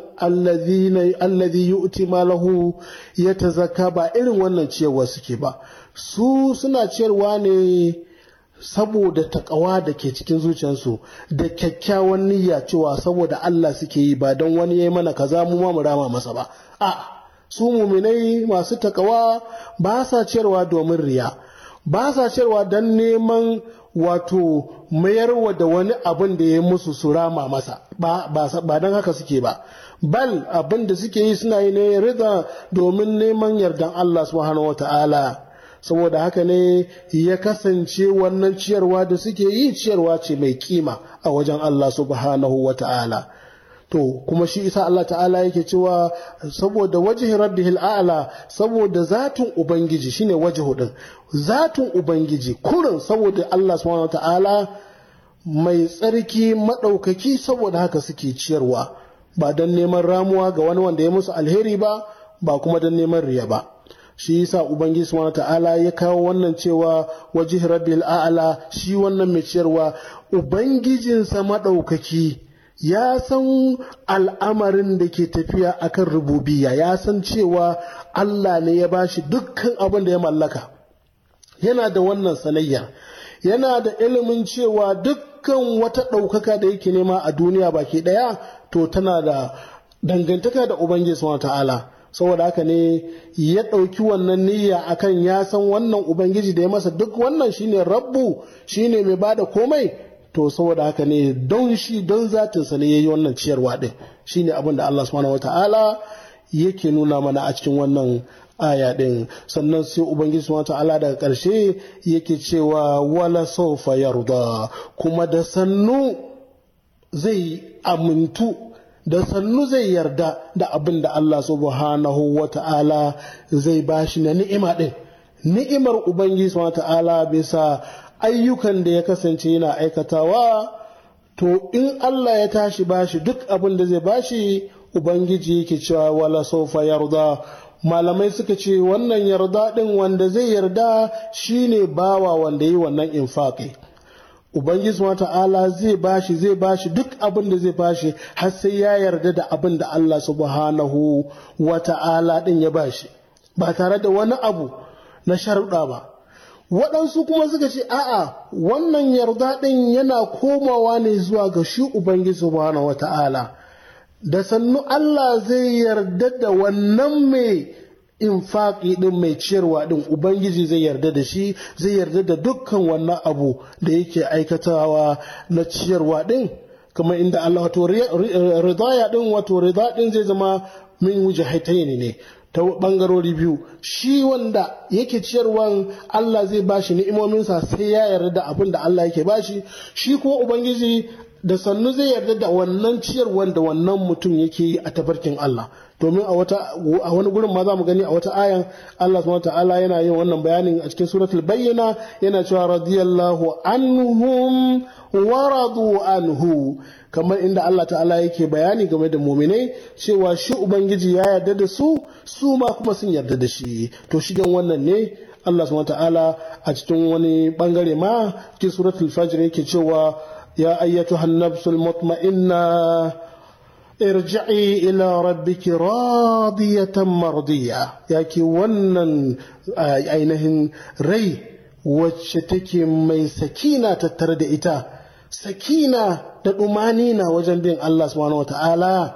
allazi yu'ti malahu ya ta zaka ba irin wannan ciyarwa suke ba su suna ciyarwa ne saboda takawa da ke cikin zuciyarsu da kyakkyawan niyya cewa saboda Allah suke yi ba don wani ya yi mana kaza mu ma mu rama masa ba a su muminai masu takawa ba sa ciyarwa domin riya ba sa ciyarwa don neman wato mayarwa da wani abin da ya yi musu su rama masa ba don haka suke ba bal abin da suke yi suna yi ne rida domin neman yardan Allah subhanahu wa ta'ala saboda haka ne ya kasance wannan ciyarwa da suke yi ciyarwa ce mai kima a wajen Allah subhanahu wa ta'ala to kuma shi isa Allah ta'ala yake cewa saboda wajihin rabbihil a'la saboda zatun ubangiji shine wajihu din zatun ubangiji kurin saboda Allah subhanahu wa ta'ala mai tsarki madaukaki saboda haka suke ciyarwa ba don neman ramuwa ga wani wanda ya musu alheri ba ba kuma don neman riya ba shi yasa ubangiji subhanahu ta'ala ya kawo wannan cewa wajih rabbil a'la shi wannan mai ciyarwa ubangijinsa madaukaki ya san al'amarin da ke tafiya akan rububiya ya san cewa Allah ne ya bashi dukkan abin da ya mallaka yana da wannan sanayya yana da ilimin cewa dukkan wata ɗaukaka da yake nema a duniya baki ɗaya to tana da dangantaka da ubangiji subhanahu ta'ala saboda haka ne ya ɗauki wannan niyya akan ya san wannan ubangiji da ya masa duk wannan shine rabbu shine mai bada komai to saboda haka ne don shi don zatinsa ne ya yi wannan ciyarwa ɗin shine abin da Allah subhanahu wata'ala yake nuna mana a cikin wannan aya ɗin sannan sai ubangiji subhanahu wata'ala daga ƙarshe yake cewa wala sawfa yarda kuma da sannu zai amintu da sannu zai yarda da abin da Allah subhanahu wa ta'ala zai bashi na ni'ima ɗin ni'imar ubangiji subhanahu wa ta'ala bisa ayyukan da ya kasance yana aikatawa to in Allah ya tashi bashi duk abin da zai bashi ubangiji yake cewa wala sofa yarda malamai suka ce wannan yarda ɗin wanda zai yarda shine bawa wanda yi wannan infaƙi. Ubangiji wa ta'ala zai bashi zai bashi duk abin da zai bashi har sai ya yarda da abin da Allah subhanahu wa ta'ala din ya bashi ba tare da wani abu na sharuɗa ba. Waɗansu kuma suka ce a'a wannan yarda ɗin yana komawa ne zuwa ga shi Ubangiji subhanahu wa ta'ala da sannu Allah zai yarda da wannan mai in faƙi ɗin mai ciyarwa ɗin ubangiji zai yarda da shi zai yarda da dukkan wannan abu da yake aikatawa na ciyarwa ɗin? kamar inda Allah wato ridaya ɗin wato rida ɗin zai zama min wujahataini ne ta bangarori biyu shi wanda yake ciyarwan Allah zai bashi ni'imominsa sai ya yarda da abin da Allah yake bashi shi kuma ubangiji da sannu zai yarda da wannan ciyar wanda wannan mutum yake yi a tafarkin Allah domin a wani gurin ma za mu gani a wata ayan Allah subhanahu ta'ala yana yin wannan bayanin a cikin suratul bayyana, yana cewa radiyallahu anhum wa anhu kamar inda Allah ta'ala yake bayani game da muminai cewa shi ubangiji ya yarda da su su ma kuma sun yarda da shi to shigen wannan ne Allah subhanahu ta'ala a cikin wani bangare ma cikin suratul fajr yake cewa يا أيتها النفس المطمئنة ارجعي إلى ربك راضية مرضية ياكي ونن أينهن ري وشتكي من سكينة تترد إتا سكينة تأمانينا وجنبين الله سبحانه وتعالى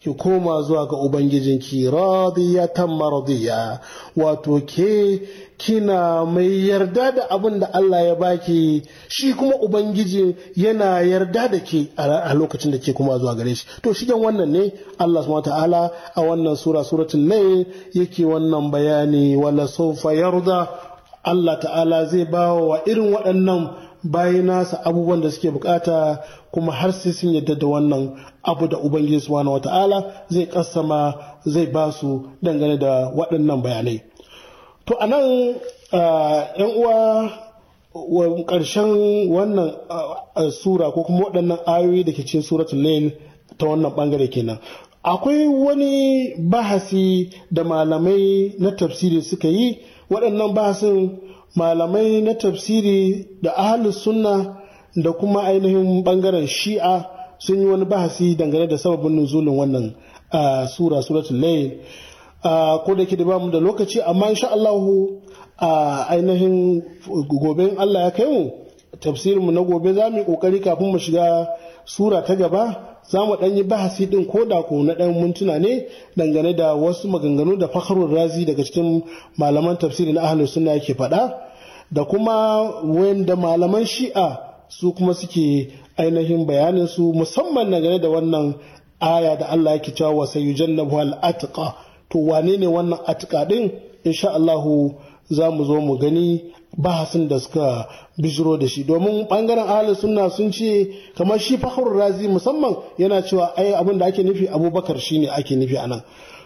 ki koma zuwa ga Ubangijinki radiyatan maradiya wato ke kina mai yarda da abin da Allah ya baki shi kuma ubangiji yana yarda da ke a lokacin da ke kuma zuwa gare shi to shigen wannan ne Allah subhanahu ta'ala a wannan sura suratul layl yake wannan bayani wala sofa yarda Allah ta'ala zai bawa wa irin waɗannan bayan nasa abubuwan da suke bukata kuma har sai sun yadda da wannan abu da ubangiji subhanahu wata'ala zai kassama zai basu dangane da waɗannan bayanai to a nan yan uwa ƙarshen wannan sura ko kuma waɗannan ayoyi da ke cikin suratul lail ta wannan ɓangare kenan akwai wani bahasi da malamai na tafsiri suka yi waɗannan bahasin malamai na tafsiri da ahalus sunna da kuma ainihin bangaren shi'a sun yi wani bahasi dangane da sababin nuzulin wannan sura suratul layl ko da ke da bamu da lokaci amma insha Allahu a ainihin gobe Allah ya kai mu tafsirin mu na gobe za mu yi kokari kafin mu shiga sura ta gaba za mu ɗan yi bahasi ɗin ko da ko na ɗan mintuna ne dangane da wasu maganganu da fakhrul razi daga cikin malaman tafsiri na ahlus sunna yake faɗa da kuma wanda malaman shi'a su kuma suke ainihin bayanin su musamman dangane da wannan aya da Allah yake cewa sayujannabu al-atqa to wane ne wannan atika din insha Allahu za mu zo mu gani bahasin da suka bijiro da shi domin bangaren ahli sunna sun ce kamar shi fakhrul razi musamman yana cewa ai abin da ake nufi abubakar shine ake nufi anan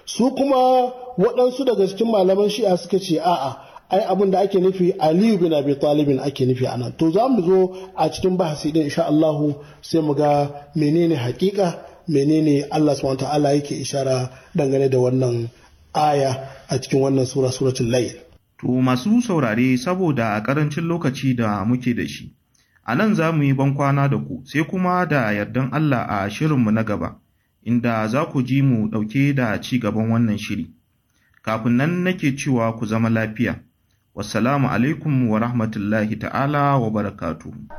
su kuma waɗansu daga cikin malaman shi'a suka ce a'a ai abin da ake nufi aliyu bin abi talibin ake nufi anan to za mu zo a cikin bahasi din insha Allahu sai mu ga menene hakika menene Allah subhanahu ta'ala yake ishara dangane da wannan aya a cikin wannan sura suratul layl to masu saurare saboda a karancin lokaci da muke da shi a nan za mu yi bankwana da ku sai kuma da yardan Allah a shirinmu na gaba inda za ku ji mu ɗauke da ci gaban wannan shiri kafin nan nake cewa ku zama lafiya wassalamu alaikum wa rahmatullahi ta'ala wa barakatuhu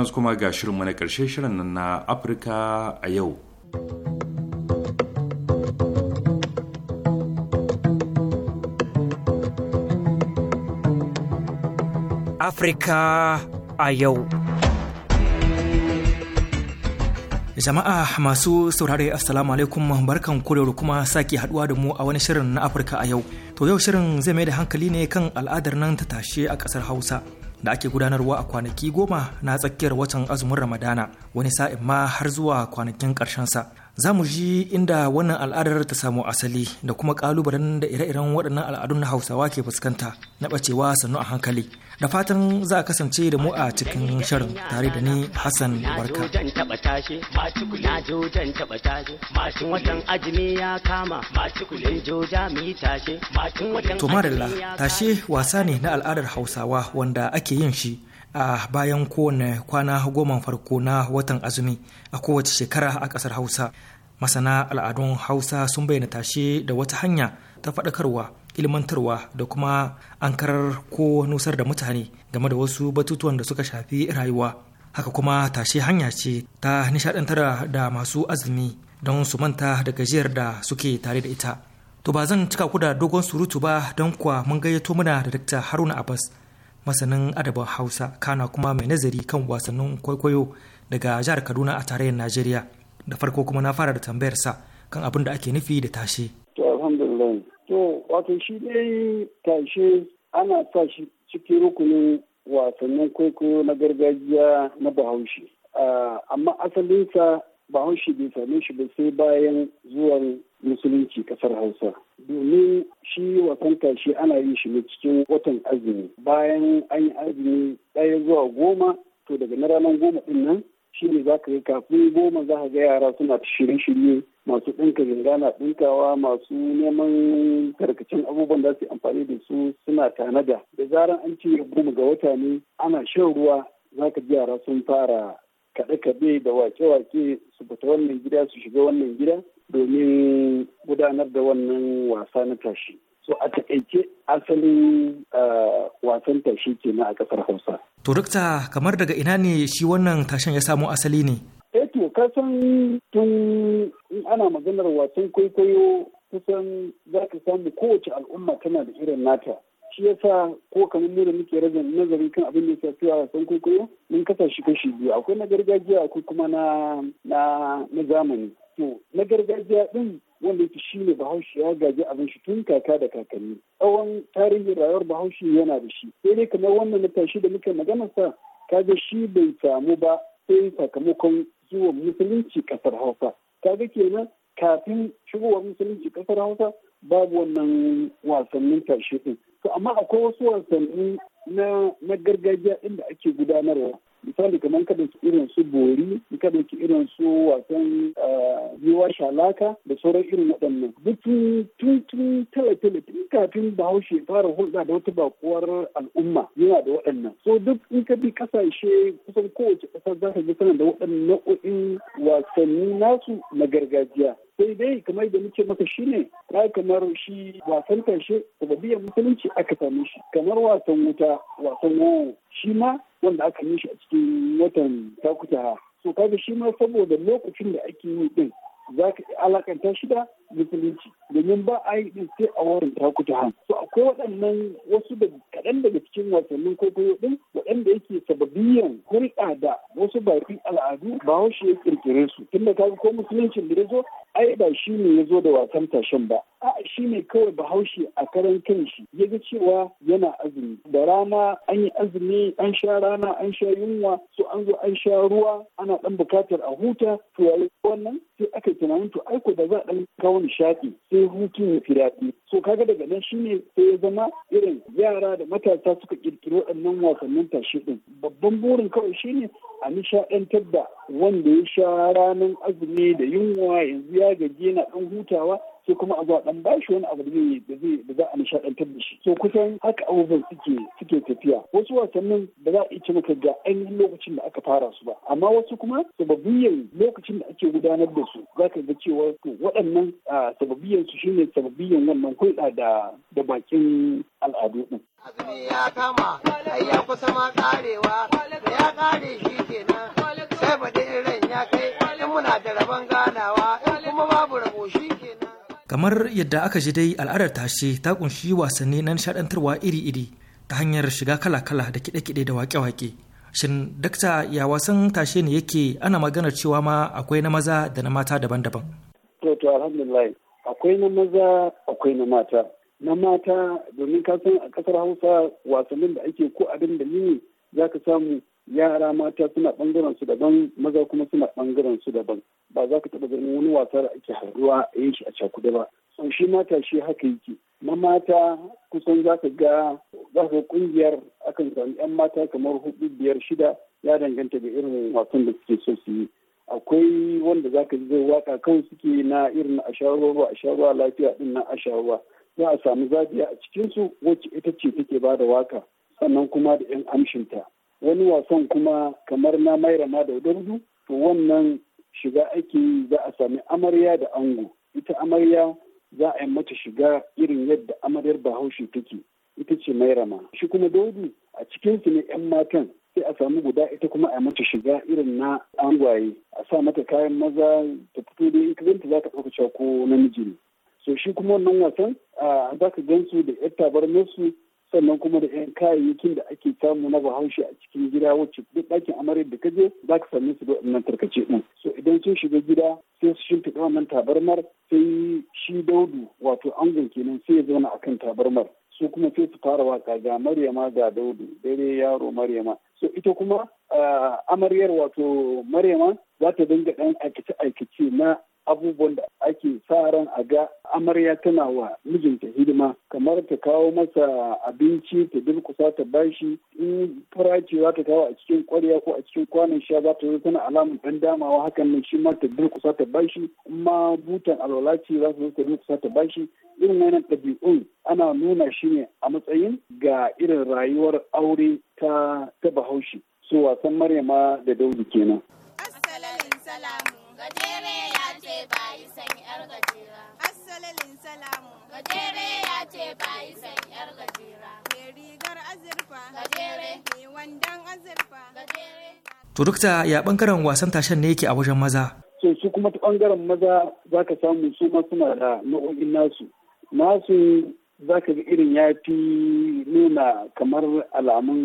yanzu kuma ga shirin na ƙarshe shirin nan na Afirka a yau. Afirka a yau. Jama'a masu saurare Assalamu alaikum barkan ku kuma sake haduwa da mu a wani shirin na Afirka a yau. To yau shirin zai mai da hankali ne kan al'adar nan ta tashe a ƙasar Hausa. da ake gudanarwa a kwanaki goma na tsakiyar watan azumin ramadana wani sa'in ma har zuwa kwanakin sa. Za mu ji inda wannan al'adar ta samu asali da kuma ƙalubalen da ire-iren waɗannan al'adun na Hausawa ke fuskanta na ɓacewa sannu a hankali. Da fatan za a kasance da mu a cikin shirin tare da ni Hassan Barka. To madalla, tashe wasa ne na al'adar Hausawa wanda ake yin shi a bayan kowane kwana goma farko na watan azumi a kowace shekara a ƙasar hausa masana al'adun hausa sun bayyana tashe da wata hanya ta faɗakarwa ilmantarwa da kuma an karar ko nusar da mutane game da wasu batutuwan da suka shafi rayuwa haka kuma tashe hanya ce ta nishadantar da masu azumi don su manta da gajiyar da suke tare da ita to ba zan cika ku da dogon surutu ba don kuwa mun gayyato muna da dakta haruna abbas masanin adabin hausa kana kuma mai nazari kan wasannin kwaikwayo daga jihar kaduna a tarayyar najeriya da farko kuma na fara da tambayar sa kan abin da ake nufi da tashe to alhamdulillah to wato shi dai tashe ana sa shi cikin rukunin wasannin kwaikwayo na gargajiya na bahaushe ah, amma asalinsa bahaushe bai same shi ba sai bayan zuwan musulunci kasar hausa domin shi wasan shi ana yin shi ne cikin watan azumi bayan an yi azumi ɗaya zuwa goma to daga na ranar goma ɗin nan shi ne za ka yi kafin goma za ka ga yara suna shirye-shirye masu ɗinka ganga na ɗinkawa masu neman karkacin abubuwan da su amfani da su suna tanada da zaran an ce goma ga wata ne ana shan ruwa za ka ji yara sun fara kaɗe-kaɗe da wake-wake su fita wannan gida su shiga wannan gida domin gudanar da wannan wasa na tashi. So a taƙaice asalin eh, wasan tashi ke kenan a ƙasar Hausa. To Dokta kamar daga ina ne shi wannan tashin ya samo asali ne? Eh to kasan tun ana maganar wasan kwaikwayo kusan za ka samu kowace al'umma tana da irin nata. shi yasa ko kamar mu muke rajin nazari kan abin da ya shafi wasan kwaikwayo mun kasa shi kashi biyu akwai na gargajiya akwai kuma na zamani to na gargajiya din wanda yake shi ne bahaushe ya gaji abin shi tun kaka da kakanni tsawon tarihin rayuwar bahaushe yana da shi sai dai kamar wannan matashi da muke magana sa kaga shi bai samu ba sai sakamakon zuwan musulunci kasar hausa kaga kenan kafin shigowar musulunci kasar hausa babu wannan wasannin tashe din to amma akwai wasu wasanni na na gargajiya din da ake gudanarwa misali kamar ka ɗauki irin su bori ka ɗauki irin su wasan yiwa eh, shalaka da sauran irin waɗannan duk tun tun tale tun kafin bahaushe fara hulɗa da wata bakuwar al'umma yana da waɗannan so duk in ka bi ƙasashe kusan kowace ƙasa za ka ji sanar da waɗannan nau'o'in wasanni nasu na gargajiya sai dai kamar da muke maka shine ya kamar shi wasan karshe sababiyar musulunci aka sami shi kamar wasan wuta wasan wawo shi ma wanda aka yi shi a cikin watan takutaha so kaga shi ma saboda lokacin da ake yi din za ka alakanta shi da musulunci domin ba a yi din sai a warin ta han so akwai waɗannan wasu da kaɗan daga cikin wasannin kwaikwayo din waɗanda yake sababiyan hulɗa da wasu bakin al'adu ba wasu ya kirkire su tun da kaga ko musuluncin da ya zo ai ba shi ne ya zo da wasan tashin ba a shi ne kawai bahaushe a karan kanshi ya ga cewa yana azumi da rana an yi azumi an sha rana an sha yunwa so an zo an sha ruwa ana ɗan bukatar a huta to wannan sai aka tunanin to aiko da za a ɗan kawo nishaɗi sai hutu ya fi daɗi so kaga daga nan shine sai ya zama irin yara da matasa suka kirkiri waɗannan wasannin tashe ɗin babban burin kawai shine a nishaɗantar da wanda ya sha ranar azumi da yunwa yanzu ya gaji yana ɗan hutawa sai kuma a zuwa dan bashi wani abu da zai da za a nishaɗantar da shi so kusan haka abubuwan suke suke tafiya wasu wasannin da za a iya maka ga ainihin lokacin da aka fara su ba amma wasu kuma sababbiyan lokacin da ake gudanar da su za ka ga cewa to waɗannan sababbiyan su shine sababbiyan wannan hulɗa da da bakin al'adu din azumi ya kama ya da ya kare kai in muna da rabon ganawa kuma babu rabo shi kamar yadda aka ji dai al'adar tashe ta kunshi wasanni na nishadantarwa iri-iri ta hanyar shiga kala-kala da kide-kide da wake-wake shin dakta ya wasan tashe ne yake ana maganar cewa ma akwai na maza da na mata daban-daban to to alhamdulillah akwai na maza akwai na mata na mata domin ka san a kasar hausa wasannin da ake ko abin da ne za ka samu yara mata suna bangaren su daban maza kuma suna bangaren su daban ba za ka taba ganin wani wasa da ake haɗuwa a yin shi a cakuda ba so shi mata shi haka yake na mata kusan za ka ga za ka kungiyar akan sami yan mata kamar hudu biyar shida ya danganta da irin wasan da suke so su yi akwai wanda za ka zai waka kawai suke na irin a shawarwa a shawarwa lafiya din na a shawarwa za a samu zabiya a cikinsu wacce ita ce take ba da waka sannan kuma da yan amshinta wani wasan kuma kamar na maira ma da dardu to wannan shiga ake yi za a sami amarya da ango ita amarya za a yi mata shiga irin yadda amaryar bahaushe take ita ce maira ma shi kuma daudu a cikinsu ne 'yan matan sai a samu guda ita kuma a mata shiga irin na angwaye a sa mata kayan maza ta fito da in kazanta za ta ɗauka ko namiji ne so shi kuma wannan wasan za ka gan su da yar su. sannan kuma da 'yan kayayyakin da ake samu na bahaushe a cikin gida wacce duk ɗakin amaryar da ka je za ka same su da wannan tarkace ɗin so idan sun shiga gida sai su shimfiɗa wannan tabarmar sai shi daudu wato angon kenan sai ya zauna akan tabarmar su kuma sai su fara waka ga maryama ga daudu dare yaro maryama so ita kuma ah, amaryar wato maryama za ta dinga ɗan aikace-aikace na abubuwan da ake sa ran a ga amarya tana wa mijinta hidima kamar ta kawo masa abinci ta durkusa ta bashi in fura ta kawo a cikin kwarya ko a cikin kwanan sha za ta zo tana alamun dan damawa hakan nan shi ma ta durkusa ta bashi in ma butan alwala ce za ta zo ta durkusa ta bashi irin wannan ɗabi'un ana nuna shi ne a matsayin ga irin rayuwar aure ta ta bahaushe su wasan maryama da daudu kenan. Assalamu alaikum. gajere ce bayi san yar gajera. Assalalin salamu. Gajere ya ce bayi san yar gajera. Mai rigar azurfa. Gajere. Mai wandon azurfa. Gajere. Turukta ya bangaren wasan tashen ne yake a wajen maza. So su kuma ta bangaren maza za ka samu su ma suna da nau'o'in nasu. Nasu za ka ga irin ya fi nuna kamar alamun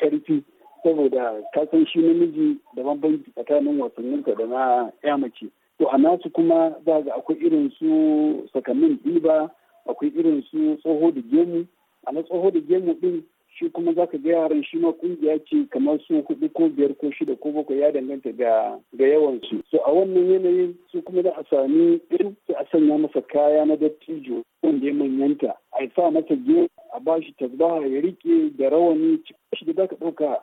karfi saboda kasan shi namiji da bambanci tsakanin wasanninka da na ya mace. to a nasu kuma za ga akwai irin su sakamin diba akwai irin su tsoho da gemu a na tsoho da gemu din shi kuma za ka ga yaran shi ma kungiya ce kamar su hudu ko biyar ko shida ko bakwai ya danganta ga ga yawan su so a wannan yanayin su kuma za a sami irin su a sanya masa kaya na dattijo wanda ya manyanta a sa masa gemu a bashi tasbaha ya rike da rawani shi da za ka ɗauka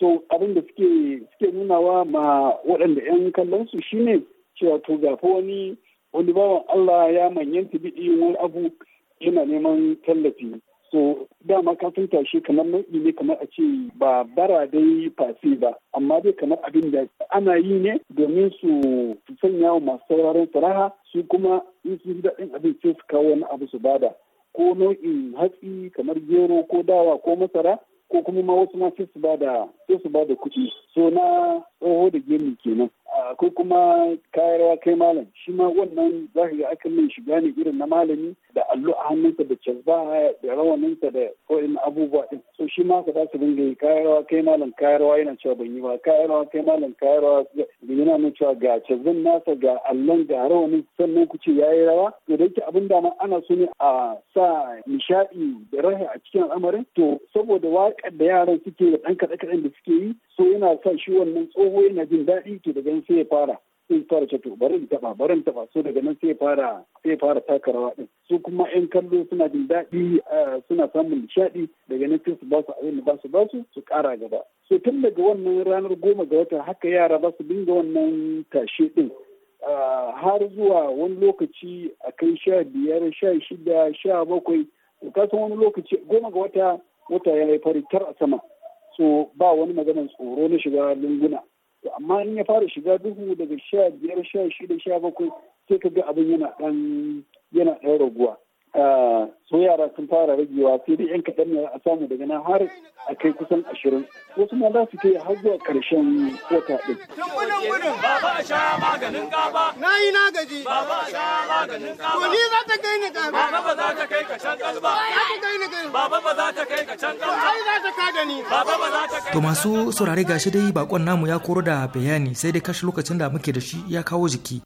so abin da suke suke nunawa ma waɗanda 'yan kallon su shine cewa to gafa wani wani bawan Allah ya manyan biɗi wani abu yana neman tallafi so dama ka sun tashi kamar nau'i ne kamar a ce ba bara dai fasi ba amma dai kamar abin da ana yi ne domin su sanya wa masu sauraron faraha su kuma in sun ji daɗin abin sai su kawo wani abu su bada ko nau'in hatsi kamar gero ko dawa ko masara ko kuma ma wasu ma sai su ba da kuɗi so na tsoho da gemu kenan ah, ko kuma kayarwa kai malam shi ma wannan za ka ga akan min shiga ne irin na malami da allo a hannunsa da cazba da rawaninsa da ko'in abubuwa din so shi ma ka za su dinga yi kayarwa kai malam kayarwa yana cewa ban yi ba kayarwa kai malam kayarwa yana nuna cewa ga cazban nasa ga allon ga rawanin sannan ku ce yayi rawa to da yake abin da ana so ne a sa nishaɗi da rahe a cikin al'amarin to saboda waƙar da yaran suke da ɗan kaɗe-kaɗen da suke yi so yana sa shi wannan tsoho yana jin daɗi to daga nan sai ya fara sai fara ce to bari taba bari taba so daga nan sai fara sai fara taka rawa din su kuma yan kallo suna jin daɗi eh, suna samun nishaɗi daga nan sai su ba su abin da ba su ba su su ƙara gaba so tun daga wannan ranar goma ga wata haka yara ba su dinga wannan tashe din ah, har zuwa wani lokaci a kai sha biyar sha shida sha bakwai kasan wani lokaci goma ga wata wata ya yi fari tar a sama so ba wani maganar tsoro na shiga lunguna to amma in ya fara shiga duhu daga sha biyar sha shida sha bakwai sai ka ga abin yana ɗan yana ɗan raguwa su yara sun fara ragewa sai dai yan kaɗan ne a samu daga nan har a kai kusan ashirin wasu ma za su kai har zuwa ƙarshen wata ɗin. Tun gudun gudun baba a sha maganin gaba. Na yi na gaji. ba a sha maganin gaba. To ni za ta kai ni gaba. Baba ba za ta kai ka can ba. Za ta kai ni gaba. Baba ba za ta kai ka can ba. Ai za ta kada ni. Baba ba za ta kai. To masu saurare gashi dai bakon namu ya koro da bayani sai dai kashe lokacin da muke da shi ya kawo jiki.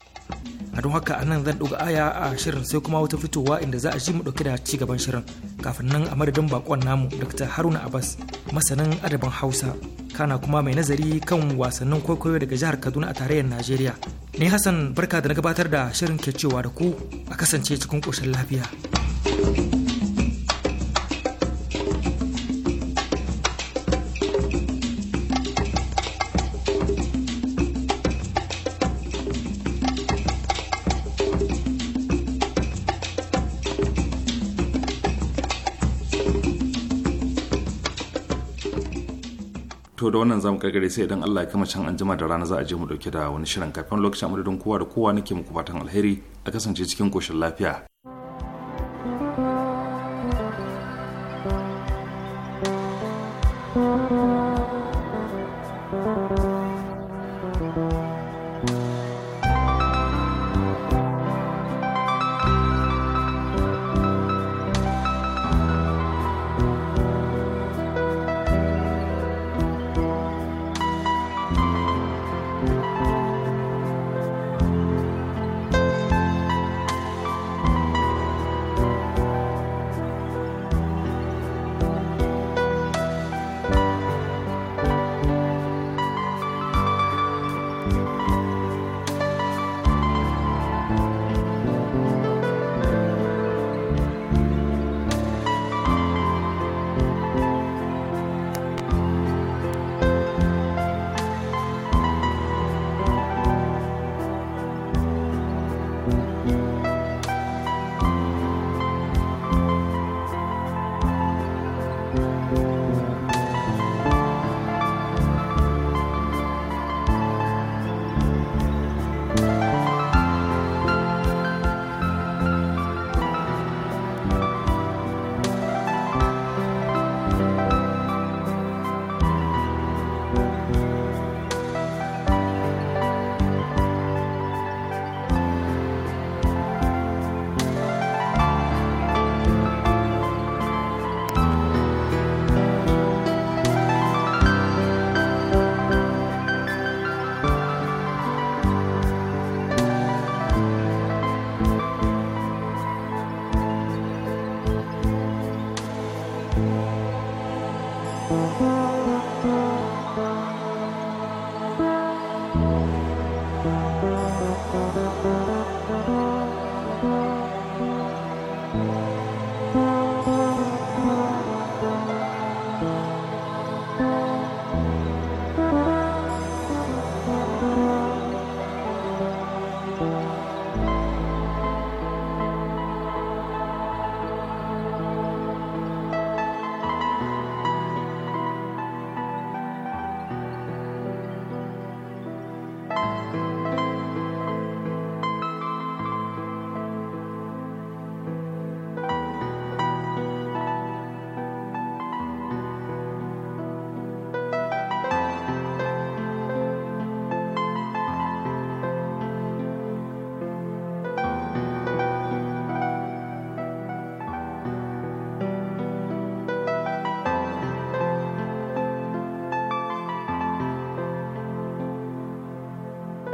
A don haka a nan zan ɗuga aya a shirin sai kuma wata fitowa inda za a ji mu ɗauki da ci gaban shirin kafin nan a madadin bakon namu Dr. Haruna Abbas masanin adabin Hausa kana kuma mai nazari kan wasannin kwaikwayo daga jihar Kaduna a tarayyar Najeriya. Ni Hassan barka da na gabatar da shirin ke cewa da ku a kasance cikin koshin lafiya. to da wannan zamu karkare sai idan Allah ya kama can anjima da rana za a je mu dauke da wani shirin kafin lokacin madadin kowa da kowa nake muku fatan alheri a kasance cikin koshin lafiya